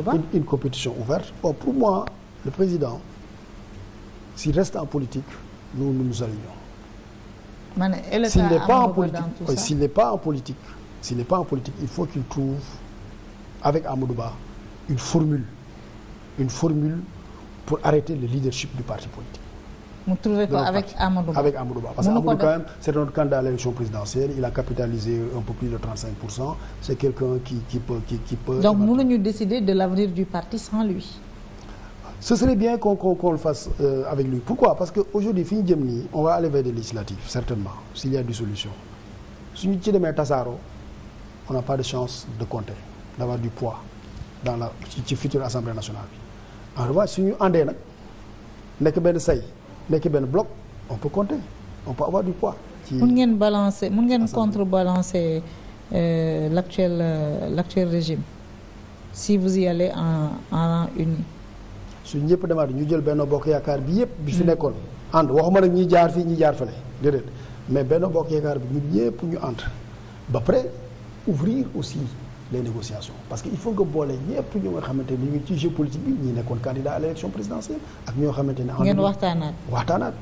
Amadou Une, une compétition ouverte. Or, pour moi, le président, s'il reste en politique, nous nous, nous allions. S'il n'est pas, en politique, s'il n'est politique, s'il n'est pas politique, il faut qu'il trouve, avec Amadou Ba, une formule, une formule pour arrêter le leadership du parti politique. mu trouvé ko avec Amadou Ba avec Amadou Ba parce que Amadou quand même c'est notre candidat à l'élection présidentielle il a capitalisé un peu plus de c'est quelqu'un qui peut qui qui peut. donc décider de l'avenir du parti sans lui. ce serait bien qu'on qu'on qu'on le fasse euh, avec lui pourquoi parce que aujourd'hui fi ñu jëm ni on va aller vers des législatives certainement s'il y a des solutions suñu ci demee tasaaroo on n'a pas de chance de compter d'avoir du poids dans la ci future assemblée nationale bi en revanche suñu àndee nekk benn say. nekk benn bloc on peut compter on peut avoir du poids. mun ngeen balancer mun ngeen contre euh, l' actuel euh, l' actuel régime si vous y en en rang uni. su ñëpp demaat ñu jël Benno Bokk Yaakaar bi yëpp. bi fi hmm. nekkoon ànd waxuma nag ñi jaar fii ñi jaar fële déedéet mais Benno Bokk Yaakaar bi ñu ñëpp ñu ànd ba pare ouvrir aussi. les négociations parce que il faut nga boole ñëpp ñu nga xamante ni ñu ngi ci jeu politique bi ñi nekkoon candidat à l' présidentielle ak ñoo xamante ne. ngeen waxtaanaat waxtaanaat.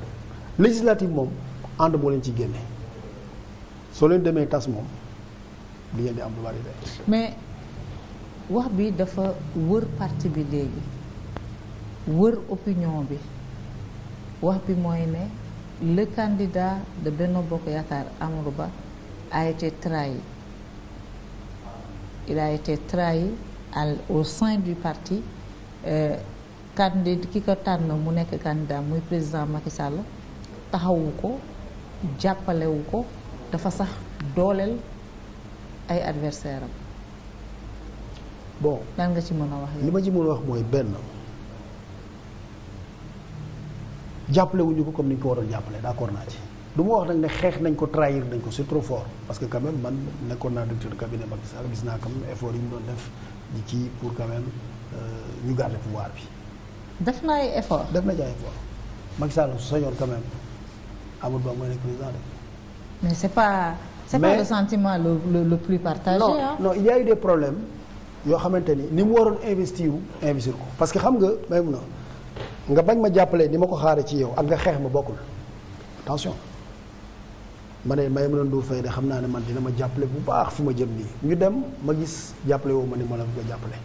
législative moom ànd moo leen ci génne soo leen demee tas moom li ngeen di am bari de. mais wax bi dafa wër parti bi léegi wër opinion bi wax bi mooy ne le candidat de Benno Bokk Yaakaar Amadou Ba a été trahi. il a été trahi au sein parti euh, candidat ki ko mu nekk candidat muy président Macky Sall taxawu ko jàppalewu ko dafa sax dooleel ay adversaire am bon lan mën a wax li ma ci mën wax mooy benn jàppalewuñu ko comme ni ñu ko waroon jàppale d'accord naa ci duma wax nag ne xeex nañ ko trair nañ ko c'est trop fort parce que quand man nekkoon naa directeur de cabinet gis naa quand même effort yi mu doon def di ci pour quand même euh, ñu garder pouvoir bi. def na ay effort. def na ci ay effort Macky Sall su sañoon quand même Amadou Ba mooy nekk président de. mais c'est pas c'est mais, pas le sentiment le le, le plus partagé. non hein? il y a eu des problèmes yoo xamante ni ni mu waroon investir investir ko parce que xam nga may mun nga bañ ma jàppale ni ma ko xaaree ci yow ak nga xeex ma bokkul attention. ma ne may mën a fay de xam naa ne man dina ma jàppale bu baax fi ma jëm nii ñu dem ma gis jàppale woo ma ne ma la nga jàppale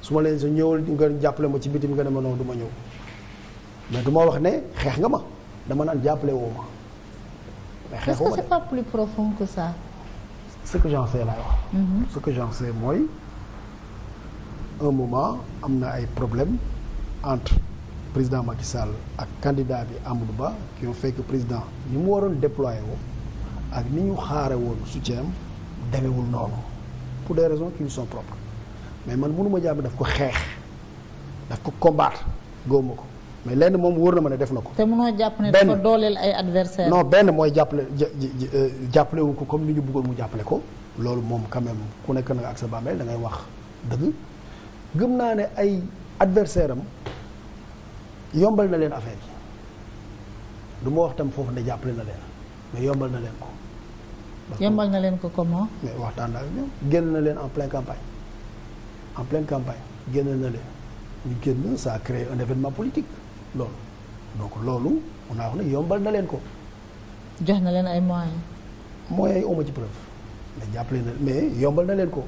su ma leen sa ñëwal nga jàppale ma ci bitim nga ne ma noonu du ma ñëw mais du wax ne xeex nga ma dama naan jàppale woo ma. mais xeex est-ce que c'est pas plus ce que j'en laay wax. Mm-hmm. ce que j'en mooy un moment am na ay problème entre. président Macky Sall ak kandidaa bi Amadou Ba qui ont fekk président ni mu waroon déployé woo ak ni ñu xaare woon soutien demewul noonu pour des raisons qui lui son propres mais man mënuma jàpp daf ko xeex daf ko combattre ma ko mais lenn moom wóor na ma ne def na ko. te mënoo jàpp ne dafa dooleel ay adversaires. non benn mooy jàppale euh, jàppale wu ko comme ni ñu buggoon mu jàppale ko. loolu moom quand même ku nekk nag ak sa bàmmeel da ngay wax dëgg gëm naa ne ay adversaire am. yombal na leen affaire yi du ma wax tam foofu ne jàppale na leen mais yombal na leen ko. yombal na leen ko comment. mais waxtaan naa ak génn na leen en pleine campagne en pleine campagne génn na leen ñu génn sa a créé un événement politique loolu donc loolu mun naa wax ne yombal na leen ko. jox na leen ay moyens. moyens yi oma ci preuve mais jàppale na mais yombal na leen ko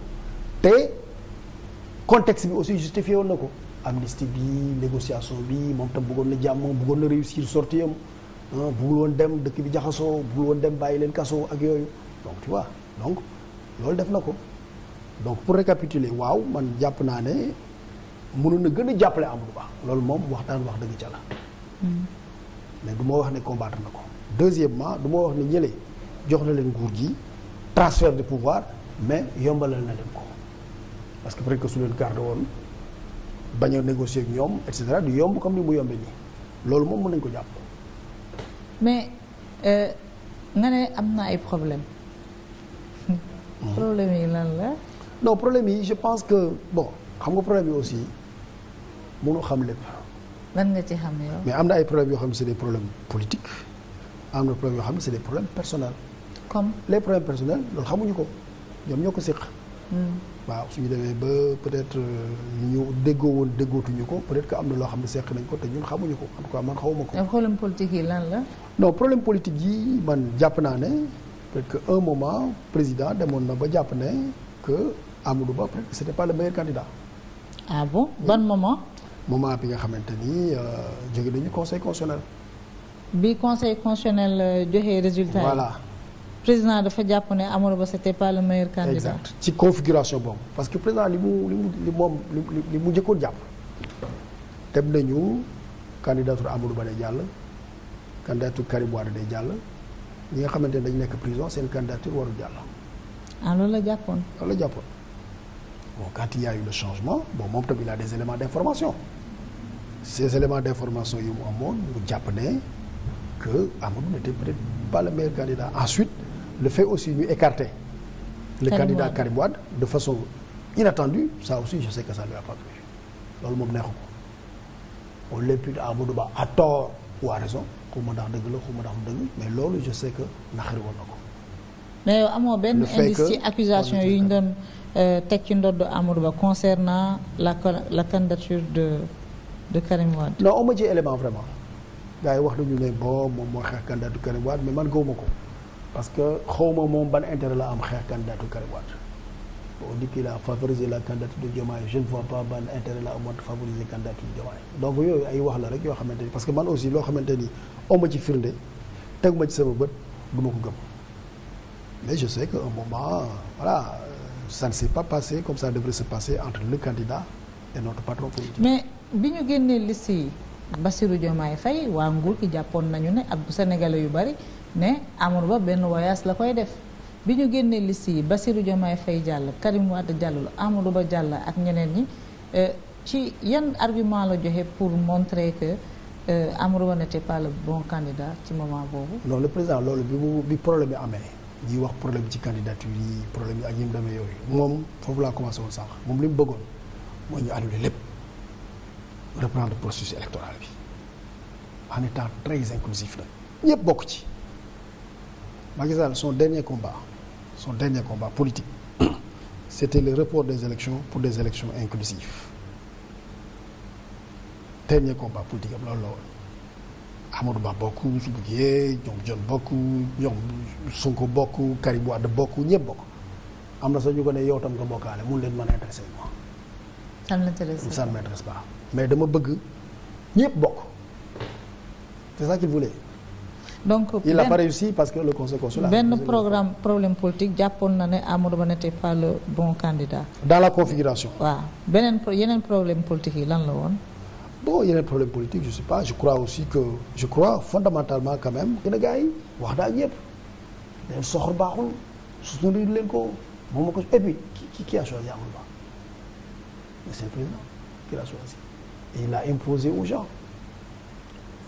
te contexte bi aussi justifié woon na ko. amnistie bi négociation bi moom tam bëggoon na jàmm bëggoon na réussir sortie am ah, bëggul woon dem dëkk bi jaxasoo bëggul woon dem bàyyi leen kaso ak yooyu donc tu donc loolu def na ko donc pour récapituler waaw man jàpp naa ne mënoon na gën a jàppale Amadou Ba loolu moom waxtaan wax dëgg ca la mais du wax ne combattre na ko deuxièmement du ma wax ne ñële jox na leen nguur gi transfert de pouvoir mais yombalal na leen ko parce que peut-être que su leen garde woon bañoo a négocier ak ñoom et cetera du yomb comme ni mu yombee nii loolu moom mën nañ ko jàpp. mais euh, nga ne am na ay problème hmm. problème yi lan la. non problème yi je pense que bon xam nga problème yi aussi mënu xam lépp. lan nga ci xam ni yow. mais am na ay problèmes yoo xam ne c'est des problème politiques am na problème yoo xam ne c'est des problèmes personnels. comme les problèmes personnels loolu xamuñu ko ñoom ñoo ko séq. Hmm. waaw suñu demee ba peut-être euh, ñu déggoo woon déggootuñu ko peut-être que am na loo xam ne seq nañ ko te ñun xamuñu ko en tout cas man xawuma ko. problème politique yi lan la. non problème politique yi man jàpp naa ne parce que un moment président demoon na ba jàpp ne que Amadou Ba peut-être que c'était pas le meilleur candidat. ah bon ban moment. moment bi nga xamante ni euh, jóge nañu conseil constitutionnel. bi conseil constitutionnel euh, joxe résultat yi voilà. président dafa jàpp ne Amadou Ba c'était pas le meilleur candidat. exact ci configuration boobu parce que président li mu li mu li mu njëkkoon jàpp. dem nañu candidature Amadou Ba day jàll candidature Karim Wade jàll ñi nga xamante ne dañ nekk prison seen candidature warul jàll. ah loolu la jàppoon. loolu la jàppoon bon quand il y a eu le changement bon moom tamit il a des éléments d'information ces éléments d'information yu mu amoon mu jàpp ne que Amadou n'était peut le fait aussi ñu écarter le Karim candidat Karim de façon inattendue ça aussi je sais que ça lui a pas loolu moom neexu ko on l'impute à Amadou Ba à tort ou à raison xaw ndax dëgg la xaw ndax mu dëgg mais loolu je sais que naxari woon na ko. mais amoo benn indice ci accusation yi ñu doon euh, teg ci ndodd Amadou Ba concernant la la candidature de de Karim Wade. non amu élément vraiment gars wax nañu ne bon moom moo xeex candidature Karim Wade mais man gëwuma ko. parce que xawma moom ban intérêt la am xeex candidature Karim Wade bon depuis la favoriser la candidature de Diomaye je pas ban intérêt la amoon favoriser candidature Diomaye donc yooyu ay wax la rek yoo xamante ni parce que man aussi loo xamante ni oma ci firnde tegu ma ci sama bët du ko gëm mais je sais que un moment voilà ça ne s'est pas comme ça devrait se passer entre le candidat et notre patron politique. mais bi ñu génnee liste yi Bassirou Diomaye Faye waa nguur gi jàppoon nañu ne ak bu yu bari ne Amadou Ba benn voyage la koy def bi ñu génnee liste yi Bassirou Diomaye fay jàll Karim Wade jàll Amadou Ba jàll ak ñeneen ñi euh, ci yan argument la joxe pour montrer que euh, Amadou Ba n'était pas le bon candidat ci moment boobu. non le loolu bi mu bi problème bi amee di wax problème ci candidature yi problème yi ak yi mu yooyu moom foofu laa commencé woon sànq moom li mu bëggoon mooy ñu annulé lépp reprendre processus électoral bi en étant très inclusif nag ñëpp bokk ci. Macky Sall son dernier combat son dernier combat politique c'était le report des élections pour des élections inclusives dernier combat politique am loolu la woon Amadou Ba bokk su buggee ñoom John bokk ñoom Sonko bokk Karim Wade bokk ñëpp bokk am na sa ñu ko yow tam nga bokkaale mun leen mën a intéressé ne m'intéresse pas mais dama bëgg ñëpp bokk c'est ça qu'il voulait donc il n'a pas réussi parce que le conseil constitutionnel. benn programme problème politique jàppoon na ne Amadou Ba n'était pas le bon candidat. dans la configuration. waaw beneen yeneen problème politique yi lan la woon. bon yeneen problème politique je sais pas je crois aussi que je crois fondamentalement quand même. gën a gars wax daal ñëpp soxor baaxul su ñu leen ko moom ma ko qui qui a choisi Amadou Ba c'est le président qui l'a choisi et il a imposé aux gens.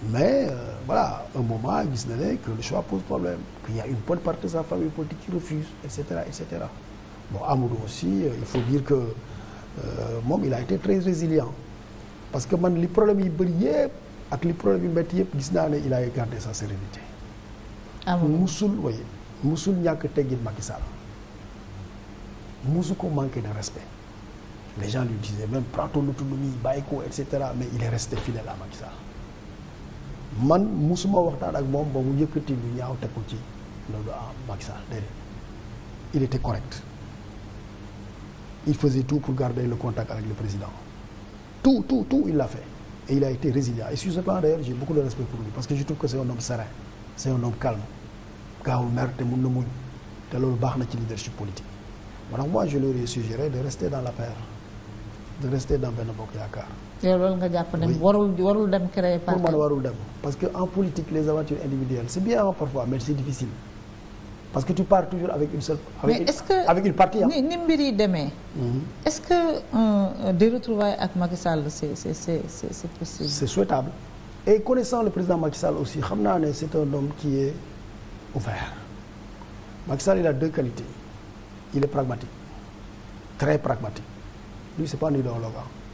mais euh, voilà un moment gis na ne que le choix pose problème qu'il y a une bonne partie de sa famille politique qui refuse et cetera et cetera bon Amadou aussi euh, il faut dire que euh, moom il a été très résilient parce que man li problème yi bëri yëpp ak li problème yu métti yëpp gis naa ne il a gardé sa sérénité musul waye musul ñàkk teggin Macky Sall musu ko manquer de respect les gens lui disaient même prends ton autonomie bàyyi ko et cetera mais il est resté fidèle à Macky man musuma waxtaan ak moom ba mu yëkkati lu ñaaw teg ko ci loolu ah Macky Sall déedéet il était correct il faisait tout pour garder le contact avec le président tout tout tout il l'a fait il a été résilient et sur ce plan d'ailleurs j'ai beaucoup de respect pour lui parce que je trouve que c'est un homme serein c'est un homme calme gaawul mer te mun na muñ te loolu baax na ci leadership politique maanaam moi je leur ai suggéré de rester dans l'affaire de rester dans benn bokk yaakaar. yow loolu nga jàpp ne warul warul dem créer parce que en politique les aventures individuelles c' est bien parfois mais c' difficile parce que tu pars toujours avec une seule. avec mais est ce une, que partie mhm. ce que euh, des ak Macky Sall c' est c' est c' est c' est possible. et connaissant le président Macky Sall aussi xam naa ne c' est un homme qui est ouvert Macky Sall il a deux qualités il est pragmatique. lui, ce n'est pas un idéologue,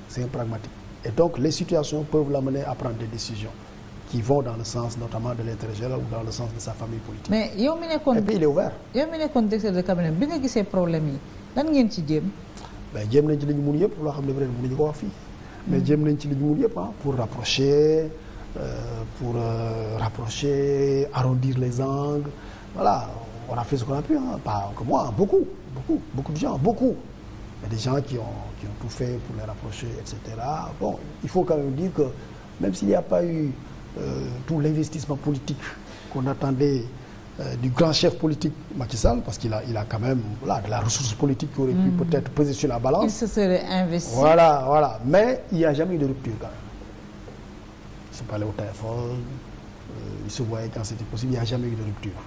c'est un pragmatique. Et donc, les situations peuvent l'amener à prendre des décisions qui vont dans le sens notamment de l'intérêt général ou dans le sens de sa famille politique. mais yow mi nekkoon et de cabinet bi nga gisee problème yi lan ngeen ci jéem. mais jéem nañ ci li ñu mun yëpp loo xam ne vraiment mënuñu ko wax fii. mais jéem nañ ci li ñu mun yëpp ah pour rapprocher euh, pour euh, rapprocher arrondir les angles voilà on a fait ce qu'on a pu ah Il y a des gens qui ont, tout fait pour les rapprocher, etc. il faut quand même dire que même s'il n'y a pas eu euh, tout l'investissement politique qu'on attendait euh, du grand chef politique Macky parce qu'il a, il quand même de la ressource politique qui aurait pu mm. peut-être peser sur la balance. Mais il n'y a jamais eu de rupture quand même. Ils se parlaient au téléphone, euh, se voyaient quand c'était possible, il n'y a jamais eu de rupture.